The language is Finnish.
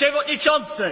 Przewodniczący!